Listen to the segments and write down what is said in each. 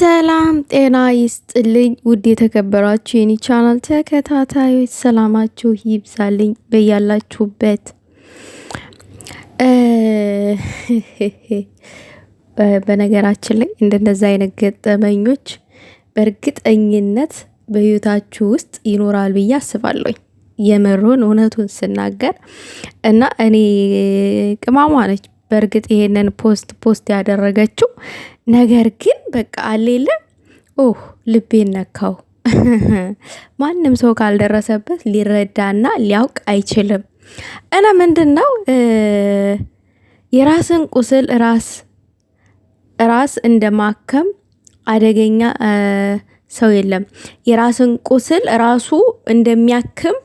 ሰላም ጤና ይስጥልኝ። ውድ የተከበራችሁ የኔ ቻናል ተከታታዮች ሰላማችሁ ይብዛልኝ በያላችሁበት። በነገራችን ላይ እንደነዚ አይነት ገጠመኞች በእርግጠኝነት በህይወታችሁ ውስጥ ይኖራል ብዬ አስባለሁኝ። የምሩን እውነቱን ስናገር እና እኔ ቅማሟ ነች በእርግጥ ይሄንን ፖስት ፖስት ያደረገችው ነገር ግን በቃ አሌለ ኦህ ልቤን ነካው። ማንም ሰው ካልደረሰበት ሊረዳና ሊያውቅ አይችልም። እና ምንድን ነው የራስን ቁስል ራስ ራስ እንደ ማከም አደገኛ ሰው የለም። የራስን ቁስል ራሱ እንደሚያክም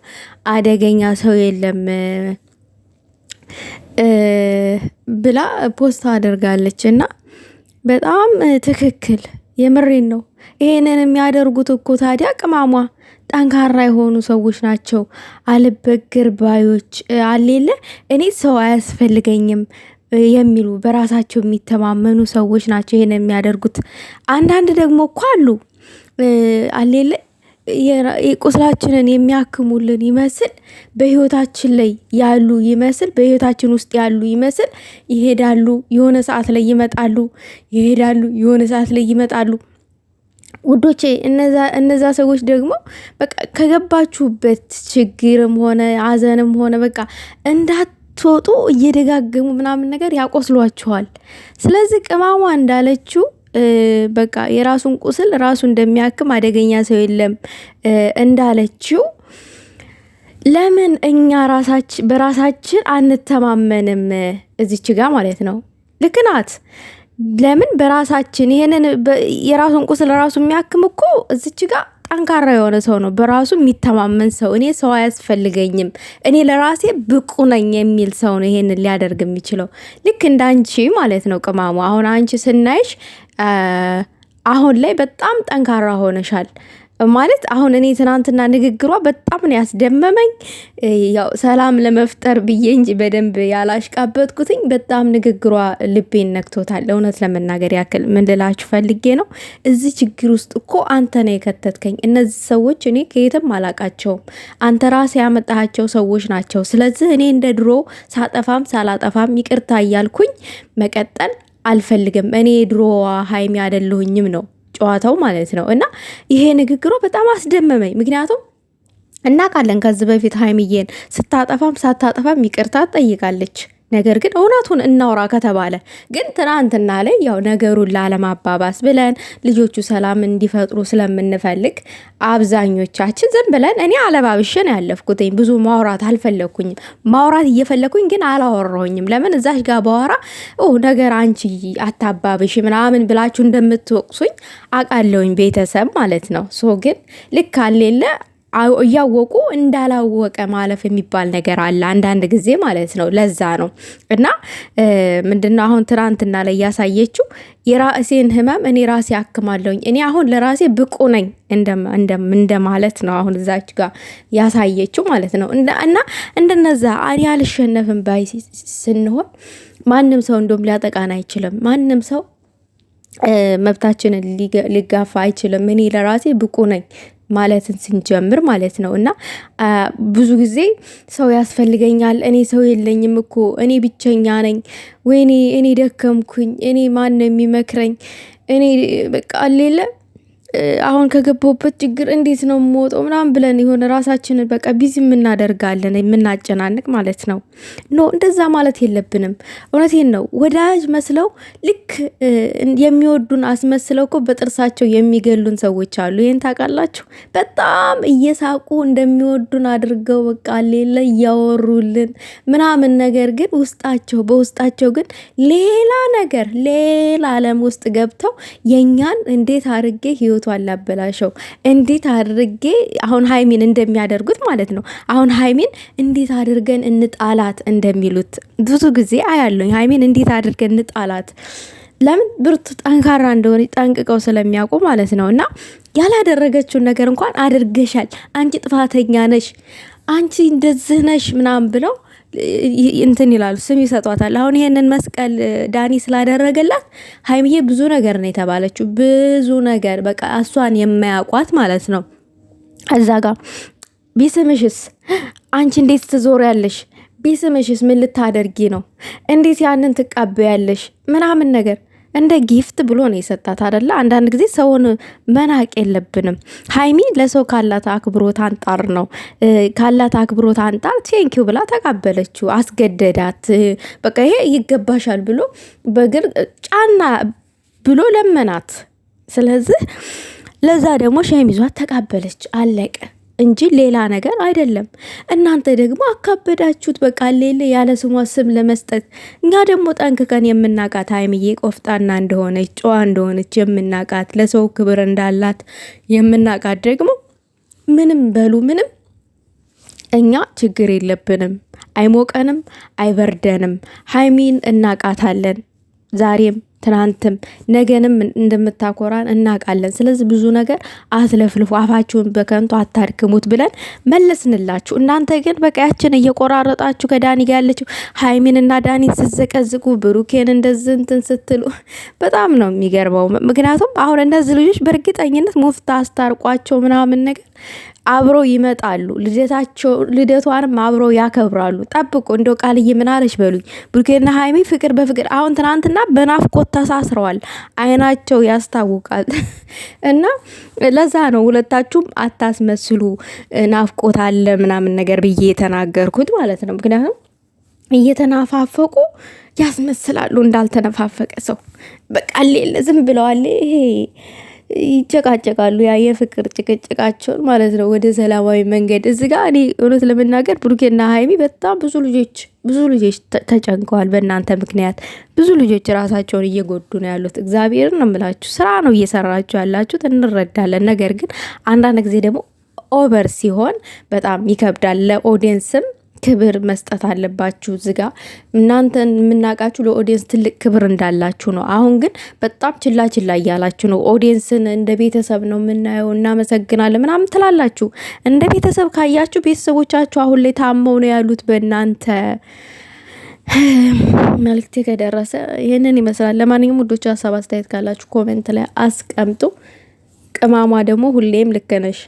አደገኛ ሰው የለም። ብላ ፖስታ አድርጋለች እና በጣም ትክክል፣ የምሬን ነው። ይሄንን የሚያደርጉት እኮ ታዲያ ቅማሟ ጠንካራ የሆኑ ሰዎች ናቸው። አልበግር ባዮች አሌለ እኔ ሰው አያስፈልገኝም የሚሉ በራሳቸው የሚተማመኑ ሰዎች ናቸው ይሄን የሚያደርጉት። አንዳንድ ደግሞ እኮ አሉ አሌለ ቁስላችንን የሚያክሙልን ይመስል በህይወታችን ላይ ያሉ ይመስል በህይወታችን ውስጥ ያሉ ይመስል ይሄዳሉ፣ የሆነ ሰዓት ላይ ይመጣሉ፣ ይሄዳሉ፣ የሆነ ሰዓት ላይ ይመጣሉ። ውዶቼ እነዛ ሰዎች ደግሞ በቃ ከገባችሁበት ችግርም ሆነ ሀዘንም ሆነ በቃ እንዳትወጡ እየደጋገሙ ምናምን ነገር ያቆስሏችኋል። ስለዚህ ቅማሟ እንዳለችው በቃ የራሱን ቁስል ራሱ እንደሚያክም አደገኛ ሰው የለም እንዳለችው ለምን እኛ በራሳችን አንተማመንም? እዚች ጋ ማለት ነው። ልክ ናት። ለምን በራሳችን ይሄንን የራሱን ቁስል ራሱ የሚያክም እኮ እዚች ጋ ጠንካራ የሆነ ሰው ነው፣ በራሱ የሚተማመን ሰው። እኔ ሰው አያስፈልገኝም፣ እኔ ለራሴ ብቁ ነኝ የሚል ሰው ነው ይሄንን ሊያደርግ የሚችለው። ልክ እንደ አንቺ ማለት ነው ቅማሙ። አሁን አንቺ ስናይሽ አሁን ላይ በጣም ጠንካራ ሆነሻል። ማለት አሁን እኔ ትናንትና ንግግሯ በጣም ነው ያስደመመኝ። ያው ሰላም ለመፍጠር ብዬ እንጂ በደንብ ያላሽቃበትኩትኝ በጣም ንግግሯ ልቤን ነክቶታል። እውነት ለመናገር ያክል ምን ልላችሁ ፈልጌ ነው፣ እዚህ ችግር ውስጥ እኮ አንተ ነው የከተትከኝ። እነዚህ ሰዎች እኔ ከየትም አላቃቸውም፣ አንተ ራስ ያመጣሃቸው ሰዎች ናቸው። ስለዚህ እኔ እንደ ድሮ ሳጠፋም ሳላጠፋም ይቅርታ እያልኩኝ መቀጠል አልፈልግም። እኔ የድሮዋ ሀይሚ አይደለሁኝም ነው ጨዋታው ማለት ነው። እና ይሄ ንግግሯ በጣም አስደመመኝ። ምክንያቱም እናውቃለን ከዚህ በፊት ሀይሚዬን ስታጠፋም ሳታጠፋም ይቅርታ ጠይቃለች። ነገር ግን እውነቱን እናውራ ከተባለ ግን ትናንትና ላይ ያው ነገሩን ላለማባባስ ብለን ልጆቹ ሰላም እንዲፈጥሩ ስለምንፈልግ አብዛኞቻችን ዝም ብለን እኔ አለባብሽን ያለፍኩትኝ ብዙ ማውራት አልፈለግኩኝም። ማውራት እየፈለግኩኝ ግን አላወራሁኝም። ለምን እዛሽ ጋር በኋራ ነገር አንቺ አታባብሽ ምናምን ብላችሁ እንደምትወቅሱኝ አቃለውኝ ቤተሰብ ማለት ነው። ሶ ግን ልክ አሌለ እያወቁ እንዳላወቀ ማለፍ የሚባል ነገር አለ አንዳንድ ጊዜ ማለት ነው። ለዛ ነው እና ምንድነው አሁን ትናንትና ላይ ያሳየችው የራሴን ህመም እኔ ራሴ አክማለሁኝ እኔ አሁን ለራሴ ብቁ ነኝ እንደማለት ነው። አሁን እዛች ጋር ያሳየችው ማለት ነው እና እንደነዛ እኔ አልሸነፍም ባይ ስንሆን ማንም ሰው እንደም ሊያጠቃን አይችልም። ማንም ሰው መብታችንን ሊጋፋ አይችልም። እኔ ለራሴ ብቁ ነኝ ማለትን ስንጀምር ማለት ነው። እና ብዙ ጊዜ ሰው ያስፈልገኛል፣ እኔ ሰው የለኝም እኮ እኔ ብቸኛ ነኝ፣ ወይኔ እኔ ደከምኩኝ፣ እኔ ማን ነው የሚመክረኝ፣ እኔ በቃ አሌለ አሁን ከገባሁበት ችግር እንዴት ነው የምወጣው ምናምን ብለን የሆነ ራሳችንን በቃ ቢዚ የምናደርጋለን የምናጨናንቅ ማለት ነው። ኖ እንደዛ ማለት የለብንም። እውነቴን ነው። ወዳጅ መስለው ልክ የሚወዱን አስመስለው እኮ በጥርሳቸው የሚገሉን ሰዎች አሉ። ይህን ታውቃላችሁ። በጣም እየሳቁ እንደሚወዱን አድርገው በቃ ሌለ እያወሩልን ምናምን፣ ነገር ግን ውስጣቸው በውስጣቸው ግን ሌላ ነገር ሌላ ዓለም ውስጥ ገብተው የእኛን እንዴት አድርጌ ህይወት አምጥቶ አላበላሸው። እንዴት አድርጌ አሁን ሀይሚን እንደሚያደርጉት ማለት ነው። አሁን ሀይሚን እንዴት አድርገን እንጣላት እንደሚሉት ብዙ ጊዜ አያለኝ። ሀይሚን እንዴት አድርገን እንጣላት ለምን ብርቱ ጠንካራ እንደሆነ ጠንቅቀው ስለሚያውቁ ማለት ነው። እና ያላደረገችውን ነገር እንኳን አድርገሻል፣ አንቺ ጥፋተኛ ነሽ፣ አንቺ እንደዚህ ነሽ ምናምን ብለው እንትን ይላሉ፣ ስም ይሰጧታል። አሁን ይሄንን መስቀል ዳኒ ስላደረገላት ሀይምዬ ብዙ ነገር ነው የተባለችው። ብዙ ነገር በቃ እሷን የማያውቋት ማለት ነው። እዛ ጋር ቢስምሽስ አንቺ እንዴት ትዞሪያለሽ? ቢስምሽስ ምን ልታደርጊ ነው? እንዴት ያንን ትቃበያለሽ? ምናምን ነገር እንደ ጊፍት ብሎ ነው የሰጣት አደለ? አንዳንድ ጊዜ ሰውን መናቅ የለብንም። ሀይሚ ለሰው ካላት አክብሮት አንጣር ነው ካላት አክብሮት አንጣር ቴንኪው ብላ ተቃበለችው። አስገደዳት። በቃ ይሄ ይገባሻል ብሎ በግል ጫና ብሎ ለመናት። ስለዚህ ለዛ ደግሞ ሸሚዟት ተቃበለች። አለቀ። እንጂ ሌላ ነገር አይደለም። እናንተ ደግሞ አካበዳችሁት። በቃ ሌለ ያለ ስሟ ስም ለመስጠት እኛ ደግሞ ጠንቅቀን የምናቃት ሀይምዬ ቆፍጣና እንደሆነች ጨዋ እንደሆነች የምናቃት ለሰው ክብር እንዳላት የምናቃት ደግሞ ምንም በሉ ምንም እኛ ችግር የለብንም። አይሞቀንም፣ አይበርደንም። ሀይሚን እናቃታለን ዛሬም ትናንትም ነገንም እንደምታኮራን እናውቃለን። ስለዚህ ብዙ ነገር አትለፍልፉ፣ አፋችሁን በከንቱ አታድክሙት ብለን መለስንላችሁ። እናንተ ግን በቀያችን እየቆራረጣችሁ ከዳኒ ጋር ያለችው ሀይሚን እና ዳኒን ስዘቀዝቁ ብሩኬን እንደዚህ እንትን ስትሉ በጣም ነው የሚገርመው። ምክንያቱም አሁን እነዚህ ልጆች በእርግጠኝነት ሙፍታ አስታርቋቸው ምናምን ነገር አብረው ይመጣሉ። ልደታቸው ልደቷንም አብረው ያከብራሉ። ጠብቁ። እንደው ቃልዬ ምን አለች በሉኝ። ብሩኬና ሀይሚ ፍቅር በፍቅር አሁን ትናንትና በናፍቆት ተሳስረዋል። አይናቸው ያስታውቃል። እና ለዛ ነው ሁለታችሁም አታስመስሉ፣ ናፍቆት አለ ምናምን ነገር ብዬ የተናገርኩት ማለት ነው። ምክንያቱም እየተናፋፈቁ ያስመስላሉ እንዳልተነፋፈቀ ሰው በቃ ሌለ ዝም ብለዋል ይሄ ይጨቃጨቃሉ። ያ የፍቅር ጭቅጭቃቸውን ማለት ነው ወደ ሰላማዊ መንገድ እዚ ጋ እኔ እውነት ለመናገር ብሩኬና ሀይሚ በጣም ብዙ ልጆች ብዙ ልጆች ተጨንቀዋል። በእናንተ ምክንያት ብዙ ልጆች ራሳቸውን እየጎዱ ነው ያሉት። እግዚአብሔርን ነው የምላችሁ። ስራ ነው እየሰራችሁ ያላችሁት እንረዳለን። ነገር ግን አንዳንድ ጊዜ ደግሞ ኦቨር ሲሆን በጣም ይከብዳል ለኦዲየንስም ክብር መስጠት አለባችሁ። ዝጋ እናንተ የምናውቃችሁ ለኦዲየንስ ትልቅ ክብር እንዳላችሁ ነው። አሁን ግን በጣም ችላ ችላ እያላችሁ ነው። ኦዲየንስን እንደ ቤተሰብ ነው የምናየው፣ እናመሰግናለን ምናምን ትላላችሁ። እንደ ቤተሰብ ካያችሁ ቤተሰቦቻችሁ አሁን ላይ ታመው ነው ያሉት በእናንተ መልክቴ ከደረሰ ይህንን ይመስላል። ለማንኛውም ውዶች ሀሳብ አስተያየት ካላችሁ ኮመንት ላይ አስቀምጡ። ቅማሟ ደግሞ ሁሌም ልክ ነሽ።